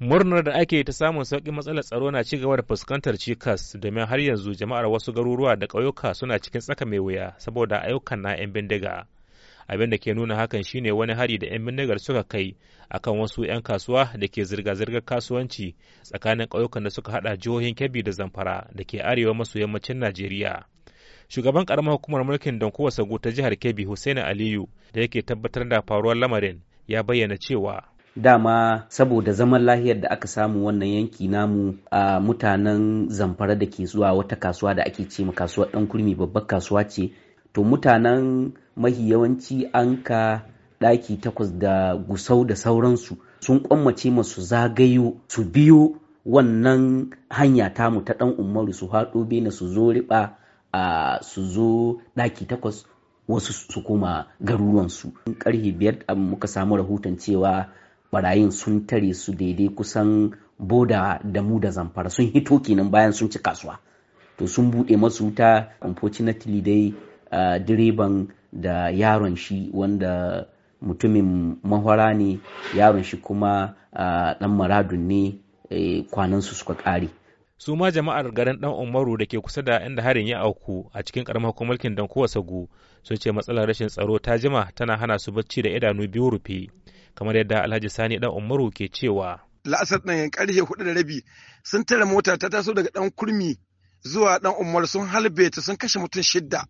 murnar da ake ta samun sauƙin matsalar tsaro na cigaba da fuskantar cikas domin har yanzu jama'ar wasu garuruwa da ƙauyuka suna cikin tsaka mai wuya saboda ayyukan na 'yan bindiga abin da ke nuna hakan shine wani hari da 'yan bindigar suka kai akan wasu 'yan kasuwa da ke zirga-zirgar kasuwanci tsakanin ƙauyukan da suka haɗa jihohin kebbi da zamfara da ke arewa maso yammacin najeriya shugaban karamar hukumar mulkin Kowace sagu ta jihar kebbi hussein aliyu da yake tabbatar da faruwar lamarin ya bayyana cewa dama saboda zaman lahiyar da aka samu wannan yanki namu a mutanen zamfara da ke zuwa wata kasuwa da ake ce ma kasuwar dan kurmi babbar kasuwa ce to mutanen mahi yawanci an ka ɗaki takwas da gusau da sauransu sun kwammace masu zagayo su biyo wannan hanya tamu ta ɗan umaru su haɗo bene su zo riba a su zo ɗaki takwas wasu su koma garuruwansu ƙarfe biyar muka samu rahoton cewa barayin sun tare su daidai kusan boda da mu da zamfara sun hito kenan bayan sun ci kasuwa to sun buɗe masu wuta unfortunately dai uh, direban da yaron shi wanda mutumin mahwara ne yaron shi kuma ɗan maradun ne e, kwanansu suka ƙare su ma jama'ar garin dan umaru da ke kusa da inda harin ya auku a cikin karamar mulkin dan kowa sagu sun ce matsalar rashin tsaro ta jima tana hana su bacci da idanu biyu rufe kamar yadda Alhaji Sani dan Umaru ke cewa la'asar ɗin ƙarshe hudu da rabi sun tare mota ta taso daga ɗan kurmi zuwa ɗan umar sun halbe ta sun kashe mutum shidda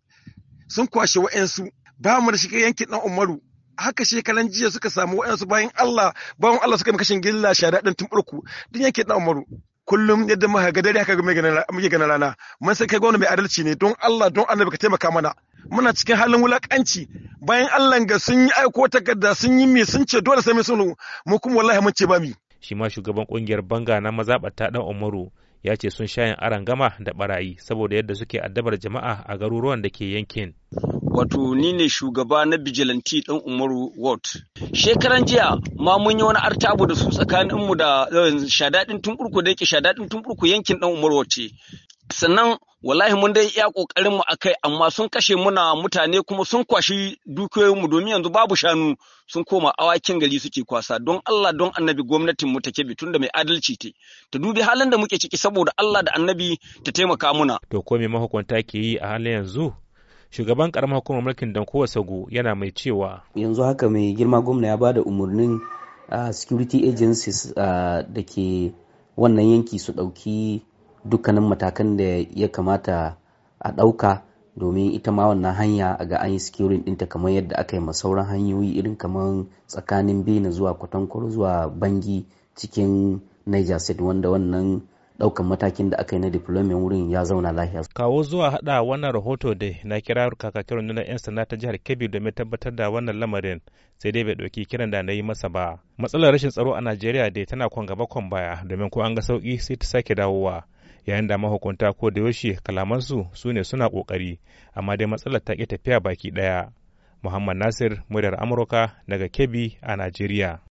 sun kwashe wa'yansu ba mu da shiga yankin ɗan umaru haka shekaran jiya suka samu wa'yansu bayan Allah bayan Allah suka yi kashin gilla shara ɗan tumɓurku duk yankin ɗan umaru kullum yadda muka ga dare haka muke ganin rana mun sai kai gwamna mai adalci ne don Allah don Annabi ka taimaka mana muna cikin halin wulakanci bayan Allah ga sun yi aiko takarda sun yi me sun ce dole sai sun mu kuma wallahi mun ce ba mi shi ma shugaban kungiyar banga na mazabata dan Umaru ya ce sun shayin aran gama da barayi saboda yadda suke addabar jama'a a garuruwan da ke yankin wato ni ne shugaba na bijilanti dan umaru ward shekaran jiya ma mun yi wani artabu da su tsakaninmu da eh, shadadin tunkurku da yake shadadin tunkurku yankin dan umaru ce sannan wallahi mun dai iya kokarin mu akai amma sun kashe muna mutane kuma sun kwashi dukiyoyin mu domin yanzu babu shanu sun koma awakin gari suke kwasa don Allah don Annabi gwamnatin mu take bi da mai adalci te ta dubi halin da muke ciki saboda Allah da Annabi ta taimaka muna to ko me mahukunta ke yi a halin yanzu shugaban karamar hukumar mulkin Dankowa Sago yana mai cewa yanzu haka mai girma gwamna ya bada umarnin a ah, security agencies ah, da ke wannan yanki su dauki dukkanin matakan da ya kamata a ɗauka domin ita ma wannan hanya a ga an yi securing ɗinta kamar yadda aka yi ma sauran hanyoyi irin kamar tsakanin bena zuwa kwatankwaro zuwa bangi cikin niger state wanda wannan daukan matakin da aka yi na deployment wurin ya zauna lafiya. Kawo zuwa hada wannan rahoto da na kira kakakin nuna 'yan sana ta jihar Kebbi domin tabbatar da wannan lamarin sai dai bai ɗauki kiran da na yi masa ba. Matsalar rashin tsaro a Najeriya dai tana kwan gaba kwan baya domin ko an ga sauki sai ta sake dawowa. yayin da mahukunta ko da yaushe kalamansu su ne suna kokari amma dai matsalar ta ke tafiya baki ɗaya. Muhammad Nasir, muryar Amurka daga Kebbi a Najeriya.